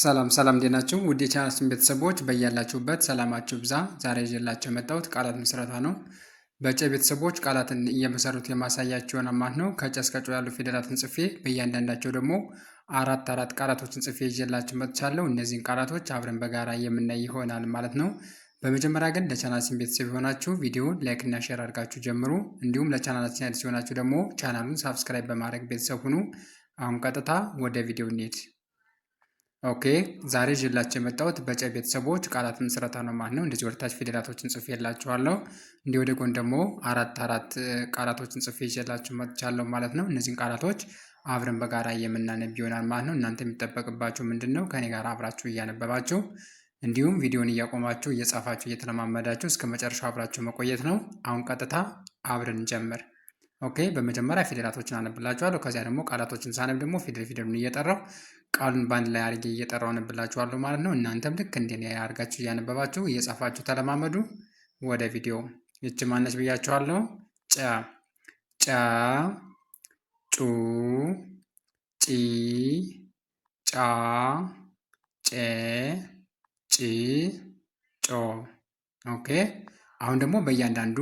ሰላም ሰላም እንዴት ናችሁ? ውድ የቻናላችን ቤተሰቦች በያላችሁበት ሰላማችሁ ብዛ። ዛሬ ይዤላችሁ የመጣሁት ቃላት ምስረታ ነው። በጨ ቤተሰቦች ቃላትን እየመሰረቱ የማሳያቸው ይሆናል ማለት ነው። ከጨ እስከ ጮ ያሉ ፊደላትን ጽፌ በእያንዳንዳቸው ደግሞ አራት አራት ቃላቶችን ጽፌ ይዤላችሁ መጥቻለሁ። እነዚህን ቃላቶች አብረን በጋራ የምናይ ይሆናል ማለት ነው። በመጀመሪያ ግን ለቻናላችን ቤተሰብ የሆናችሁ ቪዲዮን ላይክ እና ሼር አድርጋችሁ ጀምሩ። እንዲሁም ለቻናላችን አዲስ የሆናችሁ ደግሞ ቻናሉን ሳብስክራይብ በማድረግ ቤተሰብ ሁኑ። አሁን ቀጥታ ወደ ቪዲዮ እንሂድ። ኦኬ ዛሬ ይዤላችሁ የመጣሁት በጨ ቤተሰቦች ቃላት ምስረታ ነው ማለት ነው። እንደዚህ ወደታች ፊደላቶችን ጽፌ የላችኋለሁ። እንዲህ ወደ ጎን ደግሞ አራት አራት ቃላቶችን ጽፌ ይዤላችሁ መጥቻለሁ ማለት ነው። እነዚህን ቃላቶች አብረን በጋራ የምናነብ ይሆናል ማለት ነው። እናንተ የሚጠበቅባችሁ ምንድን ነው? ከኔ ጋር አብራችሁ እያነበባችሁ እንዲሁም ቪዲዮን እያቆማችሁ እየጻፋችሁ እየተለማመዳችሁ እስከ መጨረሻው አብራችሁ መቆየት ነው። አሁን ቀጥታ አብረን እንጀምር። ኦኬ በመጀመሪያ ፊደላቶችን አነብላችኋለሁ። ከዚያ ደግሞ ቃላቶችን ሳነብ ደግሞ ፊደል ፊደሉን እየጠራው ቃሉን በአንድ ላይ አድርጌ እየጠራው አነብላችኋለሁ ማለት ነው። እናንተም ልክ እንደ እኔ አድርጋችሁ እያነበባችሁ እየጻፋችሁ ተለማመዱ። ወደ ቪዲዮ ይች ማነች ብያችኋለሁ። ጨ ጨ ጩ ጪ ጫ ጬ ጪ ጮ። ኦኬ። አሁን ደግሞ በእያንዳንዱ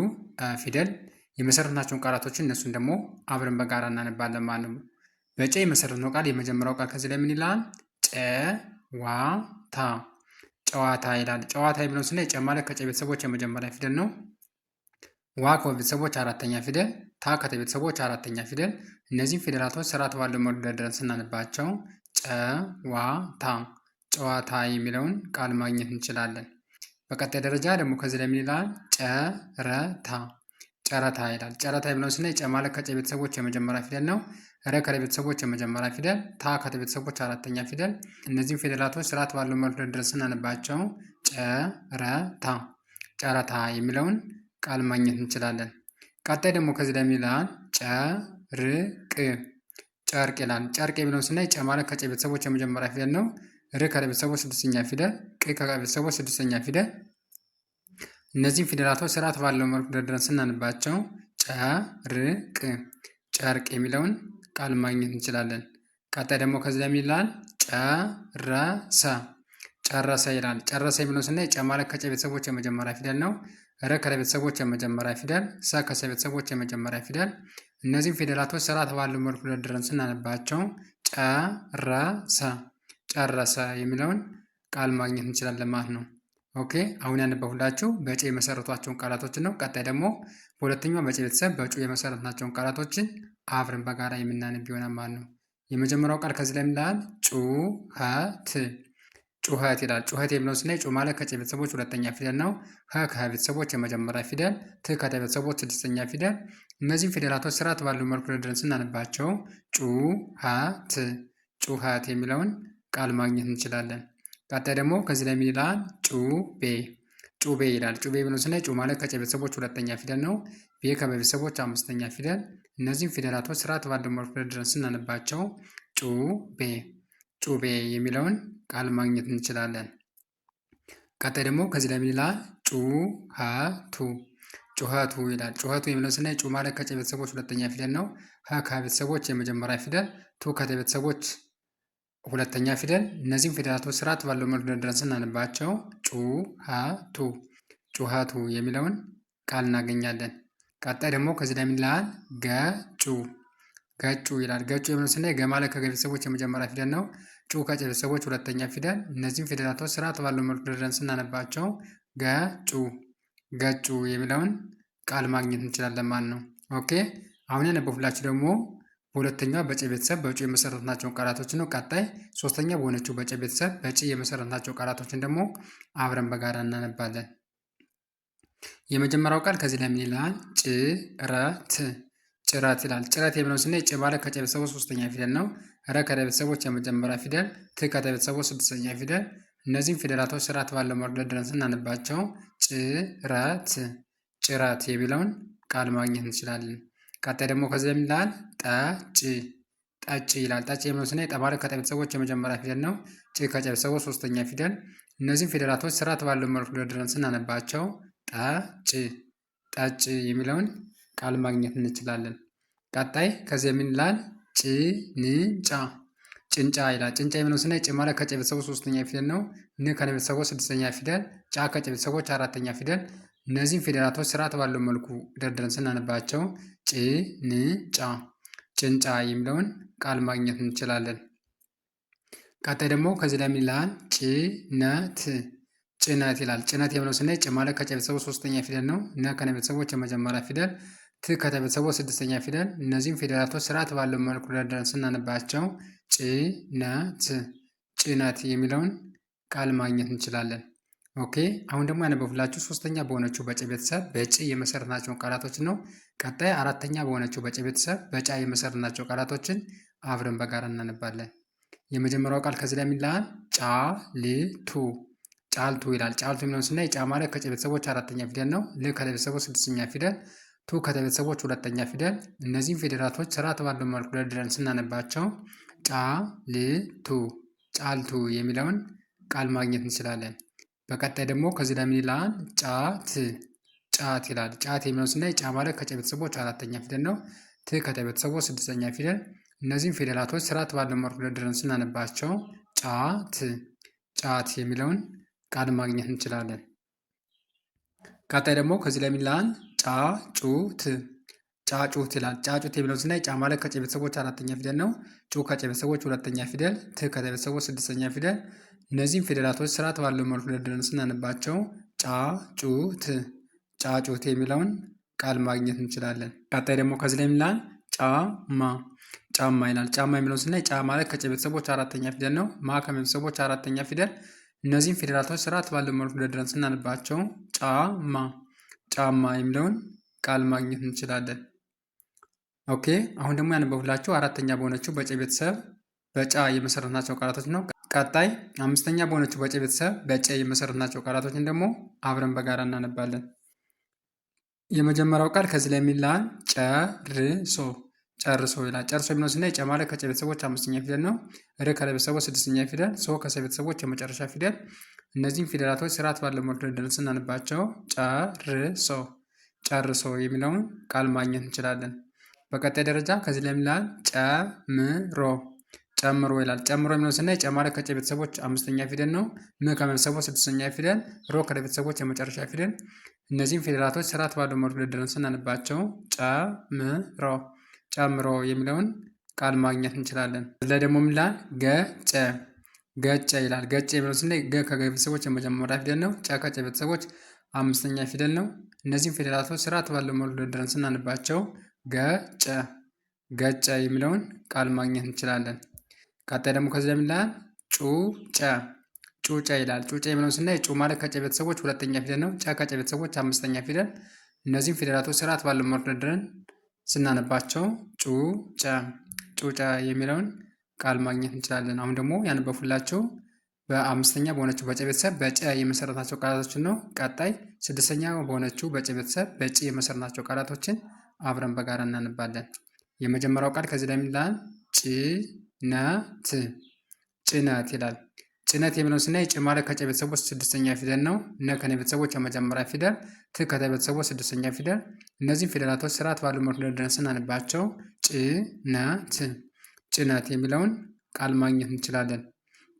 ፊደል የመሰረትናቸውን ቃላቶችን እነሱን ደግሞ አብረን በጋራ እናነባለን ማለት ነው። በጨ የመሰረት ነው ቃል የመጀመሪያው ቃል ከዚህ ላይ ምን ይላል? ጨዋታ ጨዋታ ይላል። ጨዋታ የሚለውን ስናይ ጨ ማለት ከጨ ቤተሰቦች የመጀመሪያ ፊደል ነው። ዋ ከቤተሰቦች አራተኛ ፊደል፣ ታ ከተ ቤተሰቦች አራተኛ ፊደል። እነዚህም ፊደላቶች ስርዓት ባለው መልኩ ደርድረን ስናነባቸው ጨዋታ ጨዋታ የሚለውን ቃል ማግኘት እንችላለን። በቀጣይ ደረጃ ደግሞ ከዚህ ላይ ምን ይላል? ጨረታ ጨረታ ይላል። ጨረታ የሚለውን ስናይ ጨ ማለት ከጨ ቤተሰቦች የመጀመሪያ ፊደል ነው። ረ ቤተሰቦች የመጀመሪያ ፊደል፣ ታ ከተ ቤተሰቦች አራተኛ ፊደል። እነዚህም ፊደላቶች ስርዓት ባለው መልኩ ድረስ ስናነባቸው ጨረታ ጨረታ የሚለውን ቃል ማግኘት እንችላለን። ቀጣይ ደግሞ ከዚህ ላይ የሚላል ጨርቅ ጨርቅ ይላል። ጨርቅ የሚለውን ስናይ ጨ ማለት ከጨ ቤተሰቦች የመጀመሪያ ፊደል ነው። ር ከረ ቤተሰቦች ስድስተኛ ፊደል፣ ቅ ከቀ ቤተሰቦች ስድስተኛ ፊደል። እነዚህም ፊደላቶች ስርዓት ባለው መልኩ ድረስ ስናነባቸው ጨርቅ ጨርቅ የሚለውን ቃል ማግኘት እንችላለን። ቀጣይ ደግሞ ከዚህ ላይ ይላል ጨረሰ ጨረሰ ይላል። ጨረሰ የሚለው ስናይ ጨ ማለት ከጨ ቤተሰቦች የመጀመሪያ ፊደል ነው። ረ ከረ ቤተሰቦች የመጀመሪያ ፊደል፣ ሰ ከሰ ቤተሰቦች የመጀመሪያ ፊደል። እነዚህም ፊደላቶች ስርዓት ባለው መልኩ ደርድረን ስናነባቸው ጨረሰ ጨረሰ የሚለውን ቃል ማግኘት እንችላለን ማለት ነው። ኦኬ አሁን ያነበብኩላችሁ በጭ የመሰረቷቸውን ቃላቶችን ነው። ቀጣይ ደግሞ በሁለተኛው በጭ ቤተሰብ በጩ የመሰረትናቸውን ቃላቶችን አብረን በጋራ የምናነብ ይሆናል ማለት ነው። የመጀመሪያው ቃል ከዚህ ላይ ምላል ጩኸት ጩኸት ይላል። ጩኸት የሚለው ስናይ ጩ ማለት ከጭ ቤተሰቦች ሁለተኛ ፊደል ነው። ሀ ከሀ ቤተሰቦች የመጀመሪያ ፊደል፣ ት ከተ ቤተሰቦች ስድስተኛ ፊደል። እነዚህም ፊደላቶች ስርዓት ባለው መልኩ ደርድረን ስናነባቸው ጩ ጩኸት የሚለውን ቃል ማግኘት እንችላለን። ቀጣይ ደግሞ ከዚህ ላይ ምን ይላል? ጩቤ ጩቤ ይላል። ጩቤ ብሎ ስናይ ጩ ማለት ከጨ ቤተሰቦች ሁለተኛ ፊደል ነው። ቤ ከቤተሰቦች አምስተኛ ፊደል። እነዚህም ፊደላቶች ስርዓት ባለው መልኩ ድረስ ስናነባቸው ጩቤ ጩቤ የሚለውን ቃል ማግኘት እንችላለን። ቀጣይ ደግሞ ከዚህ ላይ ምን ይላል? ጩኸቱ ጩኸቱ ይላል። ጩኸቱ የሚለውን ስናይ ጩ ማለት ከጨ ቤተሰቦች ሁለተኛ ፊደል ነው። ሀ ከሀ የመጀመሪያ ፊደል። ቱ ከተ ቤተሰቦች ሁለተኛ ፊደል። እነዚህም ፊደላቶች ስርዓት ባለው መልኩ ደርድረን ስናነባቸው ጩሃቱ ጩሃቱ የሚለውን ቃል እናገኛለን። ቀጣይ ደግሞ ከዚህ ላይ የሚላል ገጩ ገጩ ይላል። ገጩ የሚለው ስናይ ገ ማለት ከገ ቤተሰቦች የመጀመሪያ ፊደል ነው። ጩ ከጨ ቤተሰቦች ሁለተኛ ፊደል። እነዚህም ፊደላቶች ስርዓት ባለው መልኩ ደርድረን ስናነባቸው ገጩ ገጩ የሚለውን ቃል ማግኘት እንችላለን ማለት ነው። ኦኬ አሁን ያነበብኩላችሁ ደግሞ ሁለተኛ በጭ ቤተሰብ በጩ የመሰረትናቸውን ቃላቶችን ነው። ቀጣይ ሶስተኛ በሆነችው በጭ ቤተሰብ በጭ የመሰረትናቸው ቃላቶችን ደግሞ አብረን በጋራ እናነባለን። የመጀመሪያው ቃል ከዚህ ለምን ይላል? ጭረት ጭረት ይላል። ጭረት የሚለው ስናይ ጭ ባለ ከጨ ቤተሰቦች ሶስተኛ ፊደል ነው። ረ ከረ ቤተሰቦች የመጀመሪያ ፊደል፣ ት ከተ ቤተሰቦች ስድስተኛ ፊደል። እነዚህም ፊደላቶች ስርዓት ባለው መርዶ ድረን ስናነባቸው ጭረት ጭረት የሚለውን ቃል ማግኘት እንችላለን። ቀጣይ ደግሞ ከዚህ ለምን ይላል? ጠጭ ጠጭ ይላል። ጠጭ የሚለው ስና የጠማሪ ከጠ ቤተሰቦች የመጀመሪያ ፊደል ነው። ጭ ከጨ ቤተሰቦች ሶስተኛ ፊደል። እነዚህም ፊደላቶች ስርዓት ባለው መልኩ ደርድረን ስናነባቸው ጠጭ ጠጭ የሚለውን ቃል ማግኘት እንችላለን። ቀጣይ ከዚህ የምን ይላል? ጭንጫ ጭንጫ ይላል። ጭንጫ የሚለውን ስናይ ጭ ማለት ከጨ ቤተሰቦች ሶስተኛ ፊደል ነው። ን ከነ ቤተሰቦች ስድስተኛ ፊደል። ጫ ከጨ ቤተሰቦች አራተኛ ፊደል። እነዚህም ፊደላቶች ስርዓት ባለው መልኩ ደርድረን ስናነባቸው ጭንጫ ጭንጫ የሚለውን ቃል ማግኘት እንችላለን። ቀጣይ ደግሞ ከዚህ ላይ ምን ይላል? ጭነት ጭነት ይላል። ጭነት የምለው ስናይ ጭ ማለት ከጨ ቤተሰቡ ሶስተኛ ፊደል ነው። ነ ከነ ቤተሰቦች የመጀመሪያ ፊደል፣ ት ከተ ቤተሰቡ ስድስተኛ ፊደል። እነዚህም ፊደላቶች ስርዓት ባለው መልኩ ደርድረን ስናነባቸው ጭነት ጭነት የሚለውን ቃል ማግኘት እንችላለን። ኦኬ አሁን ደግሞ ያነበብኩላችሁ ሶስተኛ በሆነችው በጭ ቤተሰብ በጭ የመሰረትናቸውን ቃላቶችን ነው። ቀጣይ አራተኛ በሆነችው በጭ ቤተሰብ በጫ የመሰረትናቸው ቃላቶችን አብረን በጋራ እናነባለን። የመጀመሪያው ቃል ከዚህ ላይ የሚላል ጫልቱ ጫልቱ ይላል። ጫልቱ የሚለውን ስናይ ጫ ማለት ከጨ ቤተሰቦች አራተኛ ፊደል ነው። ል ከለ ቤተሰቦች ስድስተኛ ፊደል፣ ቱ ከተ ቤተሰቦች ሁለተኛ ፊደል። እነዚህም ፊደላቶች ስርዓት ባለው መልኩ ደርድረን ስናነባቸው ጫልቱ ጫልቱ የሚለውን ቃል ማግኘት እንችላለን። በቀጣይ ደግሞ ከዚህ ላይ ምን ይላል? ጫት ጫት ይላል። ጫት የሚለውን ስናይ ጫ ማለት ከጨ ቤተሰቦች አራተኛ ፊደል ነው። ት ከተ ቤተሰቦች ስድስተኛ ፊደል። እነዚህም ፊደላቶች ስርዓት ባለው መልኩ ደርድረን ስናነባቸው ጫት ጫት የሚለውን ቃል ማግኘት እንችላለን። ቀጣይ ደግሞ ከዚህ ላይ ምን ይላል? ጫጩት ጫጩት ይላል። ጫጩት የሚለውን ስናይ ጫ ማለት ከጨ ቤተሰቦች አራተኛ ፊደል ነው። ጩ ከጨ ቤተሰቦች ሁለተኛ ፊደል፣ ት ከተ ቤተሰቦች ስድስተኛ ፊደል። እነዚህም ፊደላቶች ስርዓት ባለው መልኩ ደርድረን ስናነባቸው ጫ ጫጩት የሚለውን ቃል ማግኘት እንችላለን። ቀጣይ ደግሞ ከዚህ ላይ የሚላል ጫማ ጫማ ይላል። ጫማ የሚለውን ስናይ ጫ ማለት ከጨ ቤተሰቦች አራተኛ ፊደል ነው። ማ ከመ ቤተሰቦች አራተኛ ፊደል። እነዚህም ፊደላቶች ስርዓት ባለው መልኩ ደርድረን ስናነባቸው ጫማ ጫማ የሚለውን ቃል ማግኘት እንችላለን። ኦኬ አሁን ደግሞ ያነበብላችሁ አራተኛ በሆነችው በጨ ቤተሰብ በጫ የመሰረትናቸው ቃላቶች ነው። ቀጣይ አምስተኛ በሆነችው በጨ ቤተሰብ በጨ የመሰረትናቸው ቃላቶችን ደግሞ አብረን በጋራ እናነባለን። የመጀመሪያው ቃል ከዚህ ላይ የሚላል ጨርሶ ጨርሶ ይላል። ጨርሶ የሚለው ስና የጨ ማለት ከጨ ቤተሰቦች አምስተኛ ፊደል ነው። ር ከለ ቤተሰቦች ስድስተኛ ፊደል፣ ሶ ከሰ ቤተሰቦች የመጨረሻ ፊደል። እነዚህም ፊደላቶች ስርዓት ባለ መልኩ ደርስ እናንባቸው። ጨርሶ ጨርሶ የሚለውን ቃል ማግኘት እንችላለን። በቀጣይ ደረጃ ከዚህ ላይ ምላል ጨምሮ ጨምሮ ይላል። ጨምሮ የሚለው ስናይ ጨማሪ ከጨ ቤተሰቦች አምስተኛ ፊደል ነው። ም ከመሰቦች ስድስተኛ ፊደል፣ ሮ ከደ ቤተሰቦች የመጨረሻ ፊደል። እነዚህም ፊደላቶች ስርዓት ባለው መልኩ ደርድረን ስናንባቸው ጨምሮ ጨምሮ የሚለውን ቃል ማግኘት እንችላለን። እዚህ ላይ ደግሞ ምላል ገጨ ገጨ ይላል። ገጨ የሚለው ስናይ ገ ከገ ቤተሰቦች የመጀመሪያ ፊደል ነው። ጨ ከጨ ቤተሰቦች አምስተኛ ፊደል ነው። እነዚህም ፊደላቶች ስርዓት ባለው መልኩ ደርድረን ስናነባቸው ገጨ ገጨ የሚለውን ቃል ማግኘት እንችላለን። ቀጣይ ደግሞ ከዚህ ለምን ላል ጩጨ ጩጨ ይላል። ጩጨ የሚለውን ስናይ ጩ ማለት ከጨ ቤተሰቦች ሁለተኛ ፊደል ነው። ጨ ከጨ ቤተሰቦች አምስተኛ ፊደል። እነዚህም ፊደላቶች ስርዓት ባለው መልኩ ስናነባቸው ጩጨ ጩጨ የሚለውን ቃል ማግኘት እንችላለን። አሁን ደግሞ ያነበብኩላችሁ በአምስተኛ በሆነችው በጨ ቤተሰብ በጨ የመሰረታቸው ቃላቶችን ነው። ቀጣይ ስድስተኛ በሆነችው በጨ ቤተሰብ በጭ የመሰረታቸው ቃላቶችን አብረን በጋራ እናነባለን። የመጀመሪያው ቃል ከዚህ ላይ የሚላል ጭነት ጭነት ይላል። ጭነት የሚለውን ስናይ ጭ ማለት ከጨ ቤተሰቦች ስድስተኛ ፊደል ነው። ነ ከነ ቤተሰቦች የመጀመሪያ ፊደል፣ ት ከተ ቤተሰቦች ስድስተኛ ፊደል። እነዚህም ፊደላቶች ስርዓት ባሉ መልኩ ደርድረን ስናነባቸው ጭነት ጭነት የሚለውን ቃል ማግኘት እንችላለን።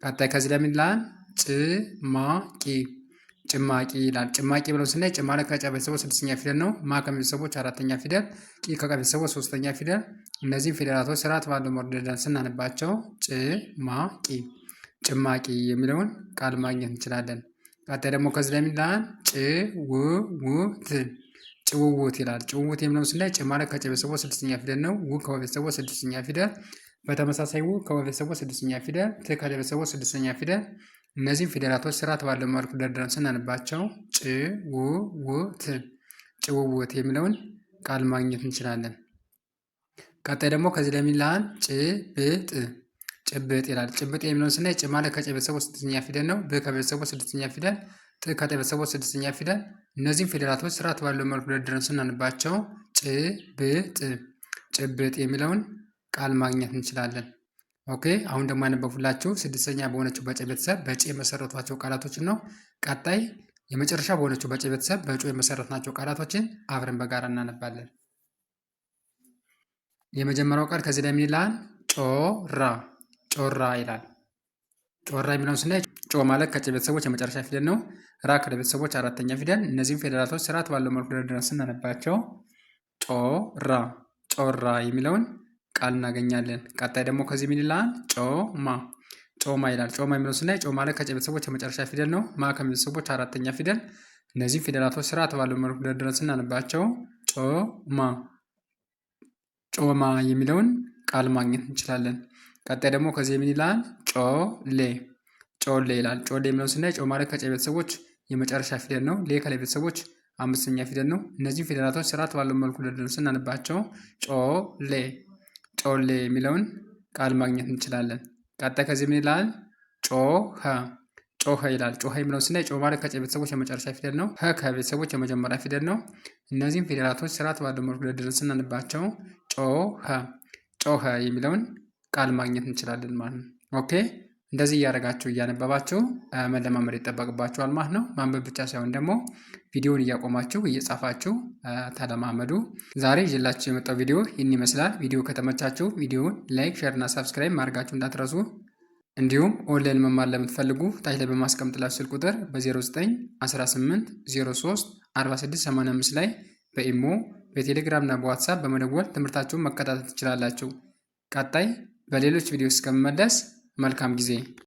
ቀጣይ ከዚህ ላይ የሚላል ጭማቂ ጭማቂ ይላል። ጭማቂ ብለው ስናይ ጭማለ ከጫ ከጨ ቤተሰቦ ስድስተኛ ፊደል ነው። ማ ከቤተሰቦች አራተኛ ፊደል፣ ቂ ከቀ ቤተሰቦ ሶስተኛ ፊደል። እነዚህም ፊደላቶች ስርዓት ባለው መርደዳን ስናነባቸው ጭማቂ ጭማቂ የሚለውን ቃል ማግኘት እንችላለን። ቀጥ ደግሞ ከዚህ ላይ የሚላል ጭውውት ጭውውት ይላል። ጭውውት የሚለው ስናይ ጭማለ ማለት ከጨ ቤተሰቦ ስድስተኛ ፊደል ነው። ው ከወ ስድስተኛ ፊደል በተመሳሳይ ው ከወ ስድስተኛ ፊደል፣ ት ከደ ቤተሰቦ ስድስተኛ ፊደል እነዚህም ፊደላቶች ስርዓት ባለው መልኩ ደርድረን ስናንባቸው ጭውውት ጭውውት የሚለውን ቃል ማግኘት እንችላለን። ቀጣይ ደግሞ ከዚህ ለሚላን ጭብጥ ጭብጥ ይላል። ጭብጥ የሚለውን ስናይ ጭ ማለት ከጨ ስድስተኛ ፊደል ነው። ብ ከቤተሰቡ ስድስተኛ ፊደል፣ ጥ ከጠ ስድስተኛ ፊደል። እነዚህም ፊደላቶች ስርዓት ባለው መልኩ ደርድረን ስናንባቸው ጭብጥ ጭብጥ የሚለውን ቃል ማግኘት እንችላለን። ኦኬ አሁን ደግሞ ያነበብኩላችሁ ስድስተኛ በሆነችው በጭ ቤተሰብ በጭ የመሰረቷቸው ቃላቶችን ነው። ቀጣይ የመጨረሻ በሆነችው በጭ ቤተሰብ በጮ የመሰረትናቸው ቃላቶችን አብረን በጋራ እናነባለን። የመጀመሪያው ቃል ከዚህ ላይ ምን ይላል? ጮራ ጮራ ይላል። ጮራ የሚለውን ስናይ ጮ ማለት ከጭ ቤተሰቦች የመጨረሻ ፊደል ነው። ራ ከደ ቤተሰቦች አራተኛ ፊደል። እነዚህም ፊደላቶች ስርዓት ባለው መልኩ ደርድረን ስናነባቸው ጮራ ጮራ የሚለውን ቃል እናገኛለን። ቀጣይ ደግሞ ከዚህ ምን ይላል? ጮማ ጮማ ይላል። ጮማ የሚለው ስናይ ጮማ ላይ ከጨ ቤተሰቦች የመጨረሻ ፊደል ነው። ማ ከቤተሰቦች አራተኛ ፊደል። እነዚህ ፊደላቶች ስርዓት ባለው መልኩ ደርድረን ስናነባቸው ጮማ ጮማ የሚለውን ቃል ማግኘት እንችላለን። ቀጣይ ደግሞ ከዚህ ምን ይላል? ጮሌ ጮሌ ይላል። ጮሌ የሚለው ስናይ ጮማ ላይ ከጨ ቤተሰቦች የመጨረሻ ፊደል ነው። ሌ ከላይ ቤተሰቦች አምስተኛ ፊደል ነው። እነዚህ ፊደላቶች ስርዓት ባለው መልኩ ደርድረን ስናነባቸው ጮሌ ጮሌ የሚለውን ቃል ማግኘት እንችላለን። ቀጣይ ከዚህ ምን ይላል? ጮኸ ጮኸ ይላል። ጮኸ የሚለውን ስናይ ጮ ማለት ከጨ ቤተሰቦች የመጨረሻ ፊደል ነው። ሀ ከቤተሰቦች የመጀመሪያ ፊደል ነው። እነዚህም ፊደላቶች ስርዓት ባለው መልኩ ደርድረን ስናነባቸው ጮኸ ጮኸ የሚለውን ቃል ማግኘት እንችላለን ማለት ነው። ኦኬ እንደዚህ እያደረጋችሁ እያነበባችሁ መለማመድ ይጠበቅባችኋል ማለት ነው። ማንበብ ብቻ ሳይሆን ደግሞ ቪዲዮውን እያቆማችሁ እየጻፋችሁ ተለማመዱ። ዛሬ ይዤላችሁ የመጣው ቪዲዮ ይህን ይመስላል። ቪዲዮ ከተመቻችሁ ቪዲዮውን ላይክ፣ ሼር እና ሰብስክራይብ ማድረጋችሁ እንዳትረሱ። እንዲሁም ኦንላይን መማር ለምትፈልጉ ታች ላይ በማስቀምጥላችሁ ስልክ ቁጥር በ 0918 03 4685 ላይ በኢሞ በቴሌግራም እና በዋትሳፕ በመደወል ትምህርታችሁን መከታተል ትችላላችሁ። ቀጣይ በሌሎች ቪዲዮ እስከምመለስ መልካም ጊዜ